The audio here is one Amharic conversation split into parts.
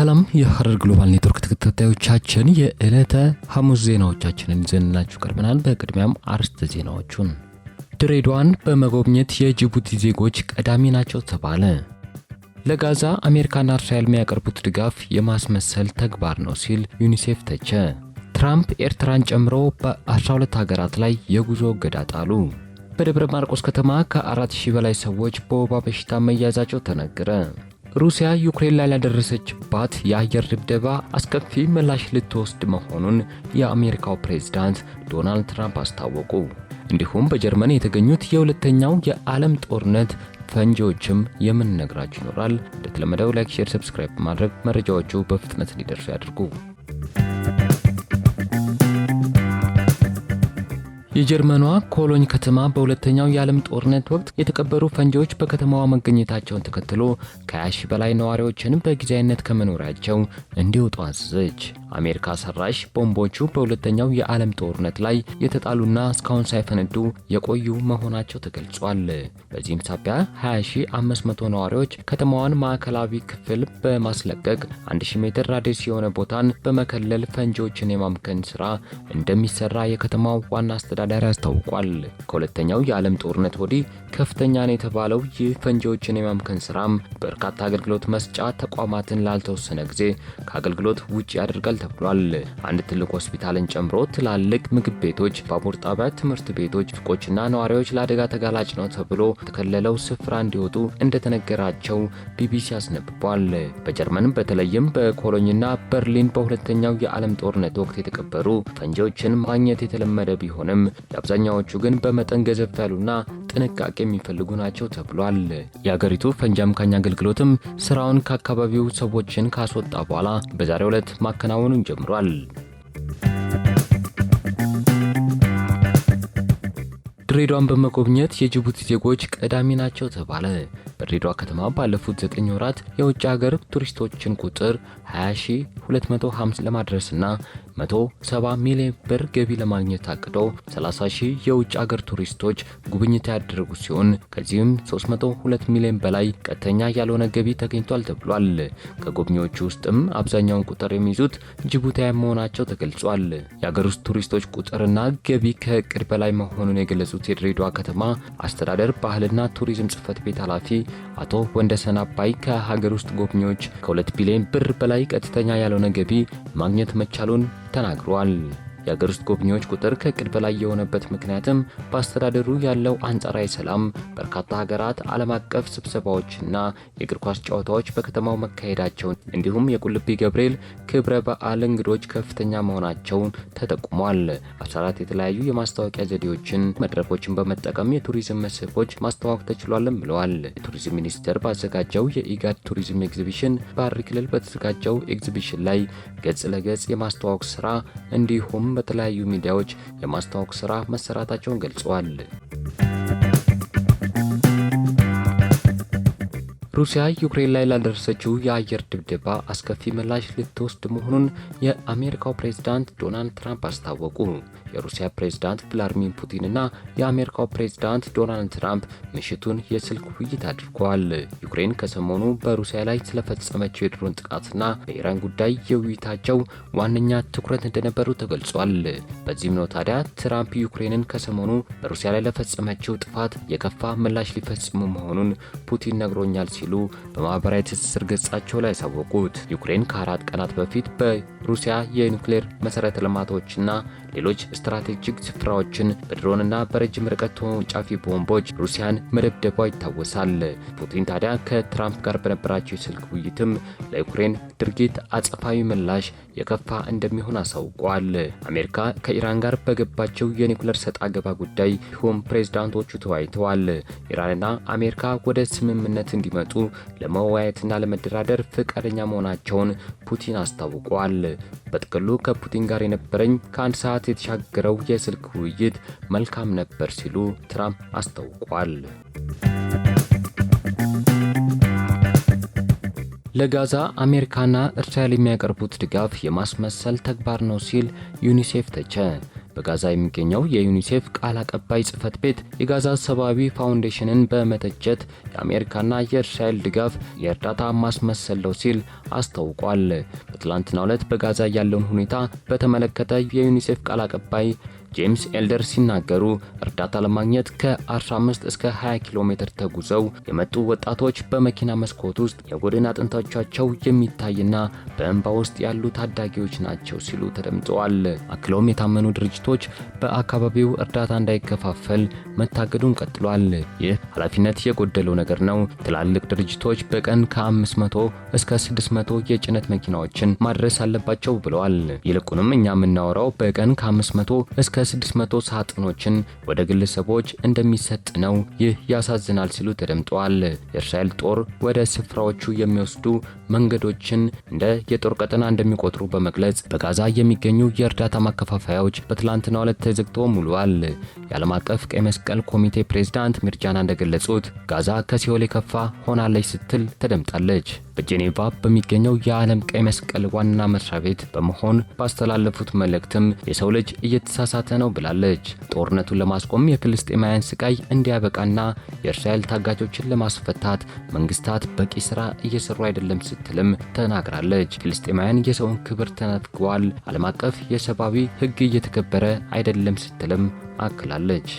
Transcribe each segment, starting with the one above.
ሰላም የሐረር ግሎባል ኔትወርክ ተከታታዮቻችን የዕለተ ሐሙስ ዜናዎቻችንን ይዘንላችሁ ቀርበናል። በቅድሚያም አርዕስተ ዜናዎቹን፣ ድሬዳዋን በመጎብኘት የጅቡቲ ዜጎች ቀዳሚ ናቸው ተባለ፣ ለጋዛ አሜሪካና እስራኤል የሚያቀርቡት ድጋፍ የማስመሰል ተግባር ነው ሲል ዩኒሴፍ ተቸ፣ ትራምፕ ኤርትራን ጨምሮ በ12 ሀገራት ላይ የጉዞ እገዳ ጣሉ፣ በደብረ ማርቆስ ከተማ ከ4000 በላይ ሰዎች በወባ በሽታ መያዛቸው ተነገረ። ሩሲያ ዩክሬን ላይ ላደረሰችባት የአየር ድብደባ አስከፊ ምላሽ ልትወስድ መሆኑን የአሜሪካው ፕሬዝዳንት ዶናልድ ትራምፕ አስታወቁ። እንዲሁም በጀርመን የተገኙት የሁለተኛው የዓለም ጦርነት ፈንጂዎችም የምንነግራችሁ ይኖራል። እንደተለመደው ላይክ፣ ሼር፣ ሰብስክራይብ ማድረግ መረጃዎቹ በፍጥነት እንዲደርሱ ያድርጉ። የጀርመኗ ኮሎኝ ከተማ በሁለተኛው የዓለም ጦርነት ወቅት የተቀበሩ ፈንጂዎች በከተማዋ መገኘታቸውን ተከትሎ ከ20 ሺ በላይ ነዋሪዎችንም በጊዜያዊነት ከመኖሪያቸው እንዲወጡ አዘዘች። አሜሪካ ሰራሽ ቦምቦቹ በሁለተኛው የዓለም ጦርነት ላይ የተጣሉና እስካሁን ሳይፈነዱ የቆዩ መሆናቸው ተገልጿል። በዚህም ሳቢያ 20500 ነዋሪዎች ከተማዋን ማዕከላዊ ክፍል በማስለቀቅ 1000 ሜትር ራዲየስ የሆነ ቦታን በመከለል ፈንጂዎችን የማምከን ስራ እንደሚሰራ የከተማው ዋና አስተዳደ አስተዳዳሪ አስታውቋል። ከሁለተኛው የዓለም ጦርነት ወዲህ ከፍተኛ ነው የተባለው ይህ ፈንጂዎችን የማምከን ስራም በርካታ አገልግሎት መስጫ ተቋማትን ላልተወሰነ ጊዜ ከአገልግሎት ውጭ ያደርጋል ተብሏል። አንድ ትልቅ ሆስፒታልን ጨምሮ ትላልቅ ምግብ ቤቶች፣ ባቡር ጣቢያ፣ ትምህርት ቤቶች፣ ሱቆችና ነዋሪዎች ለአደጋ ተጋላጭ ነው ተብሎ ተከለለው ስፍራ እንዲወጡ እንደተነገራቸው ቢቢሲ አስነብቧል። በጀርመንም በተለይም በኮሎኝና በርሊን በሁለተኛው የዓለም ጦርነት ወቅት የተቀበሩ ፈንጂዎችን ማግኘት የተለመደ ቢሆንም የአብዛኛዎቹ ግን በመጠን ገዘፍ ያሉና ጥንቃቄ የሚፈልጉ ናቸው ተብሏል። የአገሪቱ ፈንጂ አምካኝ አገልግሎትም ስራውን ከአካባቢው ሰዎችን ካስወጣ በኋላ በዛሬው ዕለት ማከናወኑን ጀምሯል። ድሬዳዋን በመጎብኘት የጅቡቲ ዜጎች ቀዳሚ ናቸው ተባለ። በድሬዳዋ ከተማ ባለፉት ዘጠኝ ወራት የውጭ ሀገር ቱሪስቶችን ቁጥር 20250 ለማድረስና 170 ሚሊዮን ብር ገቢ ለማግኘት አቅዶ 30 ሺህ የውጭ አገር ቱሪስቶች ጉብኝት ያደረጉ ሲሆን ከዚህም 302 ሚሊዮን በላይ ቀጥተኛ ያልሆነ ገቢ ተገኝቷል ተብሏል። ከጎብኚዎቹ ውስጥም አብዛኛውን ቁጥር የሚይዙት ጅቡቲያን መሆናቸው ተገልጿል። የአገር ውስጥ ቱሪስቶች ቁጥርና ገቢ ከእቅድ በላይ መሆኑን የገለጹት የድሬዳዋ ከተማ አስተዳደር ባህልና ቱሪዝም ጽህፈት ቤት ኃላፊ አቶ ወንደሰን አባይ ከሀገር ውስጥ ጎብኚዎች ከ2 ቢሊዮን ብር በላይ ቀጥተኛ ያልሆነ ገቢ ማግኘት መቻሉን ተናግሯል። የአገር ውስጥ ጎብኚዎች ቁጥር ከእቅድ በላይ የሆነበት ምክንያትም በአስተዳደሩ ያለው አንጻራዊ ሰላም፣ በርካታ ሀገራት ዓለም አቀፍ ስብሰባዎችና የእግር ኳስ ጨዋታዎች በከተማው መካሄዳቸውን እንዲሁም የቁልቢ ገብርኤል ክብረ በዓል እንግዶች ከፍተኛ መሆናቸውን ተጠቁሟል። 14 የተለያዩ የማስታወቂያ ዘዴዎችን፣ መድረኮችን በመጠቀም የቱሪዝም መስህቦች ማስተዋወቅ ተችሏልም ብለዋል። የቱሪዝም ሚኒስቴር ባዘጋጀው የኢጋድ ቱሪዝም ኤግዚቢሽን በሐረሪ ክልል በተዘጋጀው ኤግዚቢሽን ላይ ገጽ ለገጽ የማስተዋወቅ ስራ እንዲሁም እንዲሁም በተለያዩ ሚዲያዎች የማስተዋወቅ ስራ መሰራታቸውን ገልጸዋል። ሩሲያ ዩክሬን ላይ ላደረሰችው የአየር ድብደባ አስከፊ ምላሽ ልትወስድ መሆኑን የአሜሪካው ፕሬዝዳንት ዶናልድ ትራምፕ አስታወቁ። የሩሲያ ፕሬዝዳንት ፑቲን እና የአሜሪካው ፕሬዝዳንት ዶናልድ ትራምፕ ምሽቱን የስልክ ውይይት አድርገዋል። ዩክሬን ከሰሞኑ በሩሲያ ላይ ስለፈጸመችው የድሮን ጥቃትና በኢራን ጉዳይ የውይይታቸው ዋነኛ ትኩረት እንደነበሩ ተገልጿል። በዚህም ነው ታዲያ ትራምፕ ዩክሬንን ከሰሞኑ በሩሲያ ላይ ለፈጸመችው ጥፋት የከፋ ምላሽ ሊፈጽሙ መሆኑን ፑቲን ነግሮኛል ሲሉ ሲሉ በማህበራዊ ትስስር ገጻቸው ላይ ያሳወቁት። ዩክሬን ከአራት ቀናት በፊት በሩሲያ የኒውክሌር መሰረተ ልማቶችና ሌሎች ስትራቴጂክ ስፍራዎችን በድሮንና በረጅም ርቀት ተወንጫፊ ቦምቦች ሩሲያን መደብደቧ ይታወሳል። ፑቲን ታዲያ ከትራምፕ ጋር በነበራቸው የስልክ ውይይትም ለዩክሬን ድርጊት አጸፋዊ ምላሽ የከፋ እንደሚሆን አሳውቀዋል። አሜሪካ ከኢራን ጋር በገባቸው የኒኩለር ሰጥ አገባ ጉዳይ ሁም ፕሬዝዳንቶቹ ተወያይተዋል። ኢራንና አሜሪካ ወደ ስምምነት እንዲመጡ ለመወያየትና ለመደራደር ፍቃደኛ መሆናቸውን ፑቲን አስታውቀዋል። በጥቅሉ ከፑቲን ጋር የነበረኝ ከአንድ ሰዓት የተሻገረው የስልክ ውይይት መልካም ነበር ሲሉ ትራምፕ አስታውቋል። ለጋዛ አሜሪካና እስራኤል የሚያቀርቡት ድጋፍ የማስመሰል ተግባር ነው ሲል ዩኒሴፍ ተቸ። በጋዛ የሚገኘው የዩኒሴፍ ቃል አቀባይ ጽህፈት ቤት የጋዛ ሰብአዊ ፋውንዴሽንን በመተቸት የአሜሪካና የእስራኤል ድጋፍ የእርዳታ ማስመሰል ነው ሲል አስታውቋል። በትላንትናው ዕለት በጋዛ ያለውን ሁኔታ በተመለከተ የዩኒሴፍ ቃል አቀባይ ጄምስ ኤልደር ሲናገሩ እርዳታ ለማግኘት ከ15 እስከ 20 ኪሎ ሜትር ተጉዘው የመጡ ወጣቶች በመኪና መስኮት ውስጥ የጎድን አጥንቶቻቸው የሚታይና በእንባ ውስጥ ያሉ ታዳጊዎች ናቸው ሲሉ ተደምጠዋል። አክለውም የታመኑ ድርጅቶች በአካባቢው እርዳታ እንዳይከፋፈል መታገዱን ቀጥሏል። ይህ ኃላፊነት የጎደለው ነገር ነው። ትላልቅ ድርጅቶች በቀን ከ500 እስከ 600 የጭነት መኪናዎችን ማድረስ አለባቸው ብለዋል። ይልቁንም እኛ የምናወራው በቀን ከ500 እስከ ከ600 ሳጥኖችን ወደ ግለሰቦች እንደሚሰጥ ነው። ይህ ያሳዝናል ሲሉ ተደምጠዋል። የእስራኤል ጦር ወደ ስፍራዎቹ የሚወስዱ መንገዶችን እንደ የጦር ቀጠና እንደሚቆጥሩ በመግለጽ በጋዛ የሚገኙ የእርዳታ ማከፋፈያዎች በትላንትናው ዕለት ተዘግተው ሙሉዋል። የዓለም አቀፍ ቀይ መስቀል ኮሚቴ ፕሬዝዳንት ሚርጃና እንደገለጹት ጋዛ ከሲኦል የከፋ ሆናለች ስትል ተደምጣለች። በጄኔቫ በሚገኘው የዓለም ቀይ መስቀል ዋና መስሪያ ቤት በመሆን ባስተላለፉት መልእክትም የሰው ልጅ እየተሳሳተ ነው ብላለች። ጦርነቱን ለማስቆም የፍልስጤማውያን ስቃይ እንዲያበቃና የእስራኤል ታጋቾችን ለማስፈታት መንግስታት በቂ ስራ እየሰሩ አይደለም ስትልም ተናግራለች። ፍልስጤማውያን የሰውን ክብር ተነፍገዋል፣ ዓለም አቀፍ የሰብአዊ ህግ እየተከበረ አይደለም ስትልም አክላለች።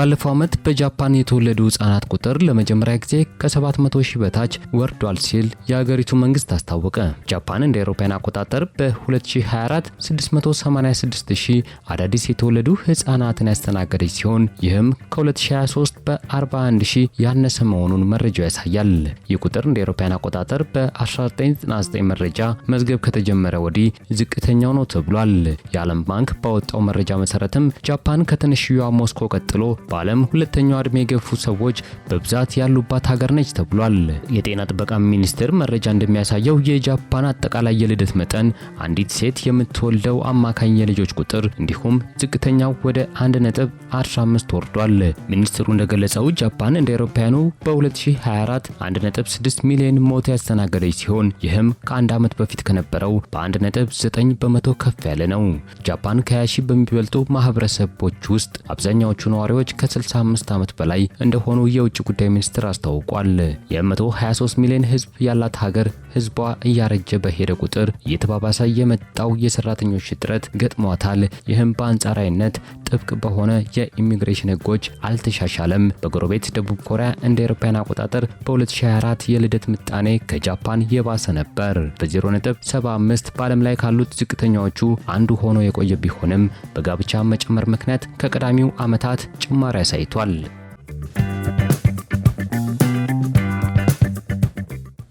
ባለፈው ዓመት በጃፓን የተወለዱ ህጻናት ቁጥር ለመጀመሪያ ጊዜ ከ700 ሺህ በታች ወርዷል ሲል የአገሪቱ መንግስት አስታወቀ። ጃፓን እንደ አውሮፓውያን አቆጣጠር በ2024 686 ሺህ አዳዲስ የተወለዱ ህጻናትን ያስተናገደች ሲሆን ይህም ከ2023 በ41 ሺህ ያነሰ መሆኑን መረጃው ያሳያል። ይህ ቁጥር እንደ አውሮፓውያን አቆጣጠር በ1999 መረጃ መዝገብ ከተጀመረ ወዲህ ዝቅተኛው ነው ተብሏል። የዓለም ባንክ ባወጣው መረጃ መሰረትም ጃፓን ከትንሽዋ ሞስኮ ቀጥሎ በዓለም ሁለተኛው ዕድሜ የገፉ ሰዎች በብዛት ያሉባት ሀገር ነች ተብሏል። የጤና ጥበቃ ሚኒስቴር መረጃ እንደሚያሳየው የጃፓን አጠቃላይ የልደት መጠን አንዲት ሴት የምትወልደው አማካኝ የልጆች ቁጥር እንዲሁም ዝቅተኛው ወደ 1.15 ወርዷል። ሚኒስትሩ እንደገለጸው ጃፓን እንደ አውሮፓውያኑ በ2024 1.6 ሚሊዮን ሞት ያስተናገደች ሲሆን ይህም ከአንድ ዓመት በፊት ከነበረው በ1.9 በመቶ ከፍ ያለ ነው። ጃፓን ከ20 ሺህ በሚበልጡ ማህበረሰቦች ውስጥ አብዛኛዎቹ ነዋሪዎች ከ65 ዓመት በላይ እንደሆኑ የውጭ ጉዳይ ሚኒስትር አስታውቋል። የ123 ሚሊዮን ህዝብ ያላት ሀገር ህዝቧ እያረጀ በሄደ ቁጥር እየተባባሰ የመጣው የሰራተኞች እጥረት ገጥሟታል። ይህም በአንጻራዊነት ጥብቅ በሆነ የኢሚግሬሽን ህጎች አልተሻሻለም። በጎረቤት ደቡብ ኮሪያ እንደ አውሮፓውያን አቆጣጠር በ2024 የልደት ምጣኔ ከጃፓን የባሰ ነበር። በ0.75 በዓለም ላይ ካሉት ዝቅተኛዎቹ አንዱ ሆኖ የቆየ ቢሆንም በጋብቻ መጨመር ምክንያት ከቀዳሚው ዓመታት ጭማሪ አሳይቷል።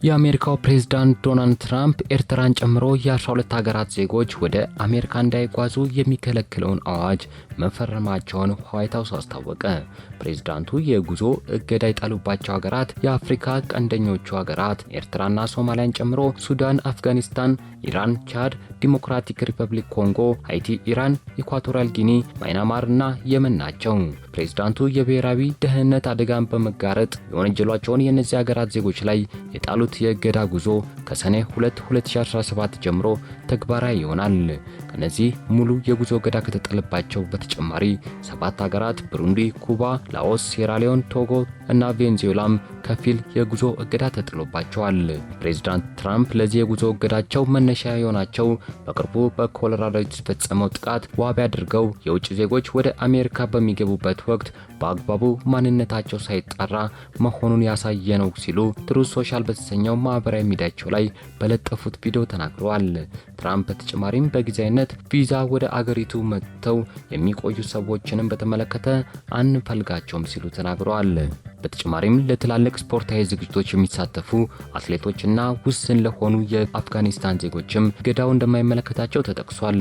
የአሜሪካው ፕሬዝዳንት ዶናልድ ትራምፕ ኤርትራን ጨምሮ የ12 ሀገራት ዜጎች ወደ አሜሪካ እንዳይጓዙ የሚከለክለውን አዋጅ መፈረማቸውን ዋይት ሀውስ አስታወቀ። ፕሬዝዳንቱ የጉዞ እገዳ የጣሉባቸው ሀገራት የአፍሪካ ቀንደኞቹ ሀገራት ኤርትራና ሶማሊያን ጨምሮ ሱዳን፣ አፍጋኒስታን፣ ኢራን፣ ቻድ፣ ዲሞክራቲክ ሪፐብሊክ ኮንጎ፣ ሀይቲ፣ ኢራን፣ ኢኳቶሪያል ጊኒ፣ ማይናማር እና የመን ናቸው። ፕሬዝዳንቱ የብሔራዊ ደህንነት አደጋን በመጋረጥ የወነጀሏቸውን የእነዚህ ሀገራት ዜጎች ላይ የጣሉት ያሉት የእገዳ ጉዞ ከሰኔ 2 2017 ጀምሮ ተግባራዊ ይሆናል። ከነዚህ ሙሉ የጉዞ እገዳ ከተጠለባቸው በተጨማሪ ሰባት ሀገራት ብሩንዲ፣ ኩባ፣ ላኦስ፣ ሴራሊዮን፣ ቶጎ እና ቬንዙዌላም ከፊል የጉዞ እገዳ ተጥሎባቸዋል። ፕሬዚዳንት ትራምፕ ለዚህ የጉዞ እገዳቸው መነሻ የሆናቸው በቅርቡ በኮሎራዶ የተፈጸመው ጥቃት ዋቢ አድርገው የውጭ ዜጎች ወደ አሜሪካ በሚገቡበት ወቅት በአግባቡ ማንነታቸው ሳይጣራ መሆኑን ያሳየ ነው ሲሉ ትሩዝ ሶሻል በተሰኘ መገናኛው ማህበራዊ ሚዲያቸው ላይ በለጠፉት ቪዲዮ ተናግረዋል። ትራምፕ በተጨማሪም በጊዜያዊነት ቪዛ ወደ አገሪቱ መጥተው የሚቆዩ ሰዎችንም በተመለከተ አንፈልጋቸውም ሲሉ ተናግረዋል። በተጨማሪም ለትላልቅ ስፖርታዊ ዝግጅቶች የሚሳተፉ አትሌቶችና ውስን ለሆኑ የአፍጋኒስታን ዜጎችም ገዳው እንደማይመለከታቸው ተጠቅሷል።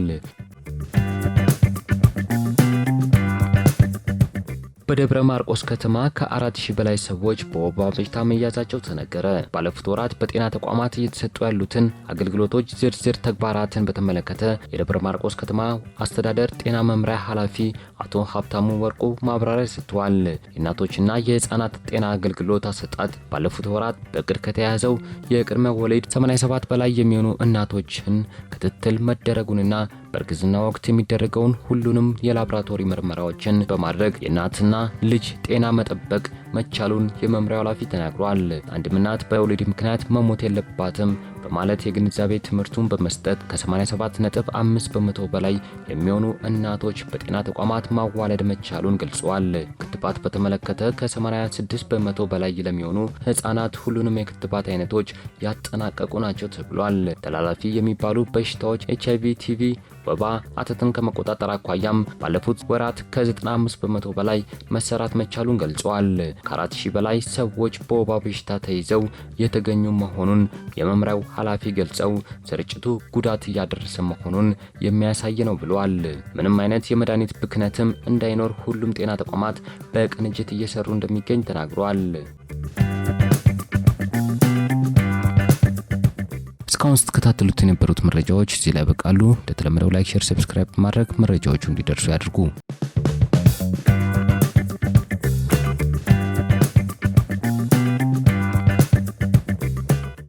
በደብረ ማርቆስ ከተማ ከ4000 በላይ ሰዎች በወባ በሽታ መያዛቸው ተነገረ። ባለፉት ወራት በጤና ተቋማት እየተሰጡ ያሉትን አገልግሎቶች ዝርዝር ተግባራትን በተመለከተ የደብረ ማርቆስ ከተማ አስተዳደር ጤና መምሪያ ኃላፊ አቶ ሀብታሙ ወርቁ ማብራሪያ ሰጥተዋል። የእናቶችና የህፃናት ጤና አገልግሎት አሰጣጥ ባለፉት ወራት በእቅድ ከተያዘው የቅድመ ወሊድ 87 በላይ የሚሆኑ እናቶችን ክትትል መደረጉንና በእርግዝና ወቅት የሚደረገውን ሁሉንም የላብራቶሪ ምርመራዎችን በማድረግ የእናትና ልጅ ጤና መጠበቅ መቻሉን የመምሪያው ኃላፊ ተናግሯል። አንድም እናት በወሊድ ምክንያት መሞት የለባትም በማለት የግንዛቤ ትምህርቱን በመስጠት ከ87.5 በመቶ በላይ የሚሆኑ እናቶች በጤና ተቋማት ማዋለድ መቻሉን ገልጸዋል። ክትባት በተመለከተ ከ86 በመቶ በላይ ለሚሆኑ ህጻናት ሁሉንም የክትባት አይነቶች ያጠናቀቁ ናቸው ተብሏል። ተላላፊ የሚባሉ በሽታዎች ኤች አይቪ ቲቪ፣ ወባ፣ አተትን ከመቆጣጠር አኳያም ባለፉት ወራት ከ95 በመቶ በላይ መሰራት መቻሉን ገልጸዋል። ከ4000 በላይ ሰዎች በወባ በሽታ ተይዘው የተገኙ መሆኑን የመምሪያው ኃላፊ ገልጸው ስርጭቱ ጉዳት እያደረሰ መሆኑን የሚያሳይ ነው ብለዋል። ምንም አይነት የመድኃኒት ብክነትም እንዳይኖር ሁሉም ጤና ተቋማት በቅንጅት እየሰሩ እንደሚገኝ ተናግረዋል። እስካሁን ስትከታተሉት የነበሩት መረጃዎች እዚህ ላይ በቃሉ። እንደተለመደው ላይክ፣ ሼር፣ ሰብስክራይብ በማድረግ መረጃዎቹ እንዲደርሱ ያድርጉ።